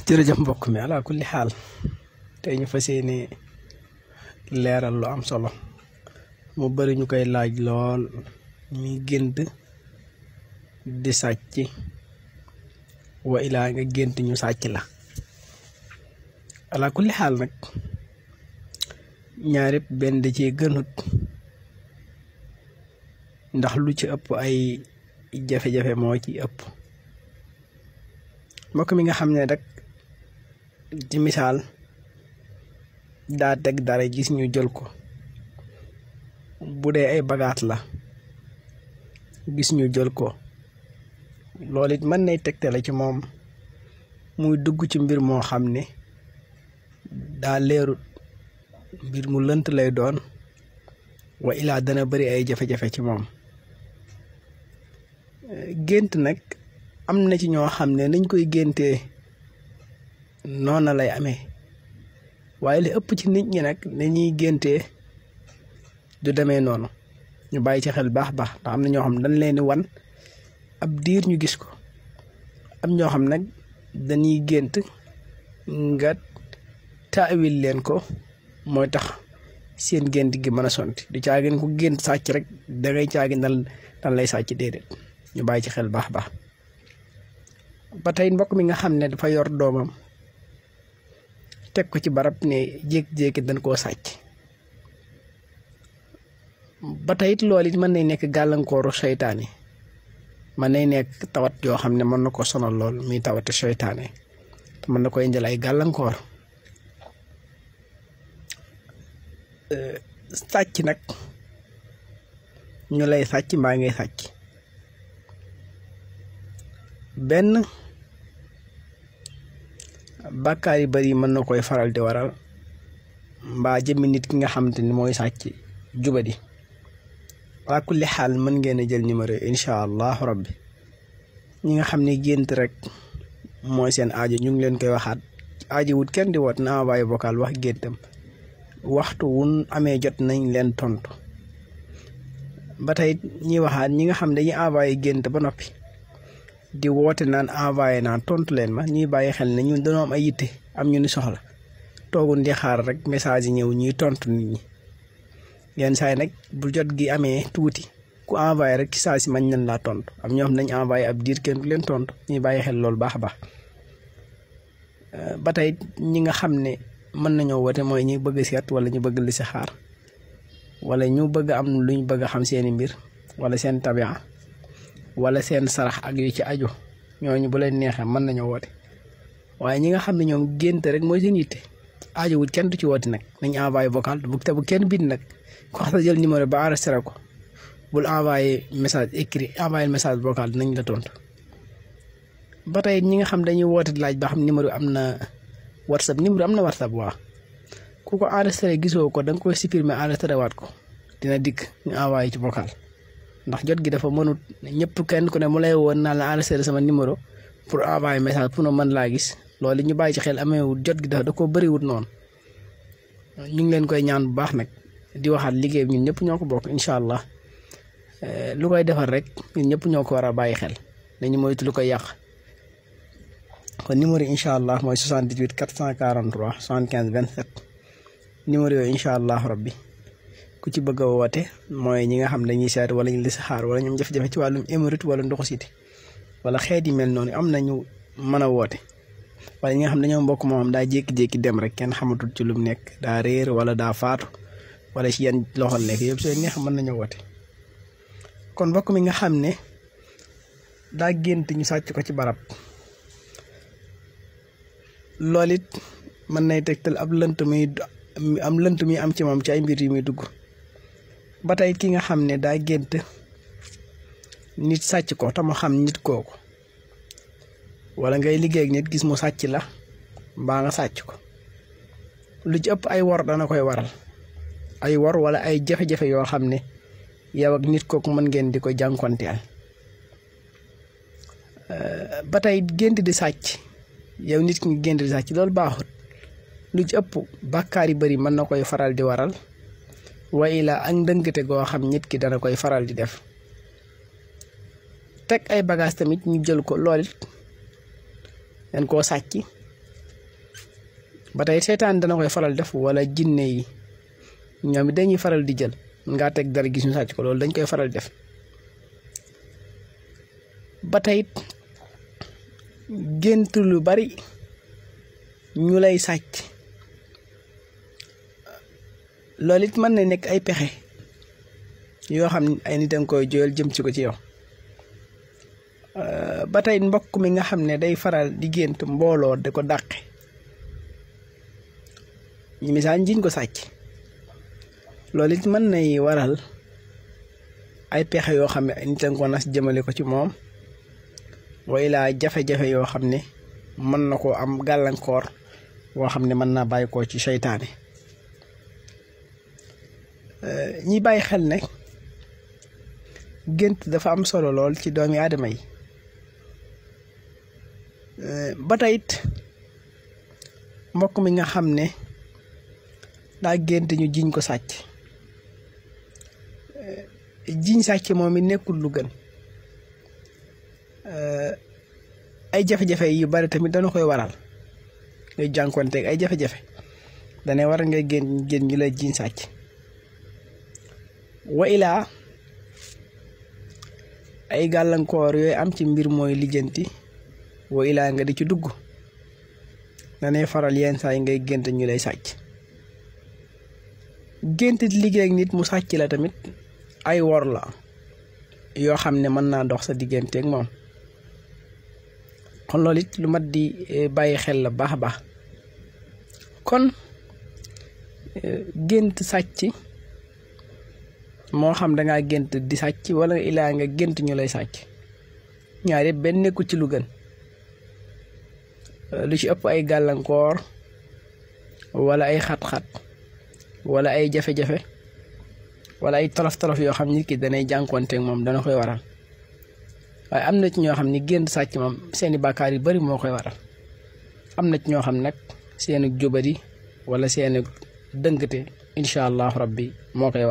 jërëjëf mbokk mi ala kulli xaal tey ñu fa yéene leeral lu am solo mu bari ñu koy laaj lool mi gént di sàcc wa ilaa nga gént ñu sàcc la ala kulli xaal nag ñaar yëpp benn da cee gënut ndax lu ci ëpp ay jafe-jafe moo ci ëpp mbokk mi nga xam ne rekk ci misaal daa teg dara gis ñu jël ko bu dee ay bagaat la gis ñu jël ko loolu it mën nay tegtale ci moom muy dugg ci mbir moo xam ne daa leeru mbir mu lënt lay doon wa ilaa dana bari ay jafe-jafe ci moom gént nag am na ci ñoo xam ne nañ koy géntee noona lay amee waaye li ëpp ci nit ñi nag ni ñuy génte du demee noonu ñu bàyyi ci xel baax baax ndax am na ñoo xam dañ leen di wan ab diir ñu gis ko am ñoo xam nag dañuy gént nga taawil leen ko mooy tax seen gént gi mën a sonti du caagin ko gént sàcc rek dangay caagin dal dan lay sàcc déedéet ñu bàyyi ci xel baax baax ba tey mbokk mi nga xam ne dafa yor doomam teg ko ci barab ne jékki-jékki dañ koo sàcc ba tey it mën nay nekk gàllankooru seytaane mën nay nekk tawat yoo xam ne mën na ko sonal lool muy tawati seytaane mën na koy indil ay gàllankoor sàcc nag ñu lay sàcc mbaa ngi sàcc benn bàkkaar yu bari mën na koy faral di waral mbaa jëmmi nit ki nga xamante ni mooy sàcc jubadi waa kulli xaal man ngeen a jël numéro yi incha allahu rabbi ñi nga xam ne gént rek mooy seen ajo ñu ngi leen koy waxaat aajo wut kenn di woot na envoyé vocal wax géntam waxtu wun amee jot nañ leen tontu ba tey ñi waxaat ñi nga xam dañuy envoyé gént ba noppi di woote naan envoyé naan tontu leen ma ñuy bàyyi xel ne ñun dañoo am ay yitte am ñu ni soxla toogun di xaar rek message yi ñëw ñuy tontu nit ñi yenn yi nag bu jot gi amee tuuti ku envoyé rek ci saa si mañ nañ laa tontu am ñoo xam envoyé ab diir kenn du leen tontu ñuy bàyyi xel loolu baax baax ba tey ñi nga xam ne mën nañoo woote mooy ñi bëgg seet wala ñu bëgg li si xaar wala ñu bëgg am lu ñu bëgg a xam seeni mbir wala seen tabia wala seen sarax ak yu ci aju ñooñu bu leen neexee mën nañoo woote waaye ñi nga xam ne ñoom gént rek mooy seen yitte aajo wut kenn du ci woote nag nañ envoyé vocal bu te kenn bind nag ko xas jël numéro ba enregistré ko bul envoyé message écrit envoyé message vocal nañ la tontu. ba tey ñi nga xam dañuy woote laaj ba xam numéro am na whatsapp numéro am na whatsapp waa ku ko enregistré gisoo ko da nga koy supprimer enregistré waat ko dina dikk ñu envoyé ci vocal. ndax jot gi dafa mënut ñëpp kenn ku ne mu lay woon naa la enregistré sama numéro pour envoyer message pour ma man laa gis loolu ñu bàyyi ci xel ameewut jot gi dafa da koo bëriwut noonu ñu ngi leen koy ñaan bu baax nag di waxaat liggéey bi ñun ñëpp ñoo ko bokk incha allah eh, lu koy defar rek ñun ñëpp ñoo ko war a bàyyi xel dañu moytu lu koy yàq kon numéro yi incha allah mooy 78 443 75 27 numéro yooyu incha allah rabbi ku ci bëgg a woote mooy ñi nga xam dañuy seet wala ñu listixaar wala ñoom jafe-jafe ci wàllum émérite wala ndoxu siti wala xeet yi mel noonu am nañu mën a woote wala ñi nga xam dañoo mbokk moom daa jékki-jékki dem rek kenn xamatul ci lu mu nekk daa réer wala daa faatu wala ci yan loxo nekk yëpp soo neex mën nañoo woote kon mbokk mi nga xam ne daa gént ñu sàcc ko ci barab loolu it mën nay tegtal ab lënt muy am lënt muy am ci moom ci ay mbir yu muy dugg ba tey ki nga xam ne daa gént nit sàcc ko te mu xam nit kooku wala ngay liggéey ak nit gis mu sàcc la mbaa nga sàcc ko lu ci ëpp ay wor dana koy waral ay wor wala ay jafe-jafe yoo xam ne yow ak nit kooku mën ngeen di ko jànkonteel ba tey gént di sàcc yow nit ki nga gént di sàcc loolu baaxut lu ci ëpp bàkkaar yi bari mën na koy faral di waral wa ila ak ndëngte goo xam nit ki dana koy faral di def teg ay bagage tamit ñu jël ko lool it dañ koo sàcc ba tey seetaan dana koy faral def wala jinné yi ñoom it dañuy faral di jël mën ngaa teg dara gis ñu sàcc ko loolu dañ koy faral def ba tey gént lu bari ñu lay sàcc loolu it mën na nekk ay pexe yoo xam ne ay nit a ngi koy jooyal jëm si ko ci yow euh, ba tey mbokk mi nga xam ne day faral di gént mbooloo di ko dàqe ñu misaal njiñ ko sàcc loolu it mën nay waral ay pexe yoo xam ne ay nit jëmale ko ci moom way laa yoo xam ne mën na koo am gàllankoor woo xam ne mën naa bàyyi koo ci seytaane Euh, ñi bàyyi xel ne gént dafa am solo lool ci doomi aadama yi euh, ba tey mbokk mi nga xam ne daa gént ñu jiiñ ko sàcc euh, jiiñ sàcc moom i nekkul lu gën ay jafe-jafe yu bari tamit dana koy waral ngay jànkuwanteeg ay jafe-jafe danay war a ngay génn génn ñu lay jiiñ sàcc wa ay gàllankoor yooy am ci mbir mooy lijjanti wa nga di ci dugg danay faral yenn saa yi ngay gént ñu lay sàcc gént liggéey nit mu sàcc la tamit ay wor la yoo xam ne mën naa dox sa diggante moom kon loolu it lu mat di eh, bàyyi xel la baax a baax kon eh, gént sàcc mo xam da nga gënt di sacc wala ila nga gënt ñu lay sacc ñaar yëpp benn nekku ci lu gën euh, lu ci ëpp ay galankor wala ay xat-xat wala ay jafe-jafe wala ay torof torof yo xam nit ki jankonté mom da dana koy waral way amna ci ño xam ni gënt sacc mom seeni bakkar yu bari mo koy waral amna ci ño xam nak seenu wala seenu dëngëté inshallah rabbi mo koy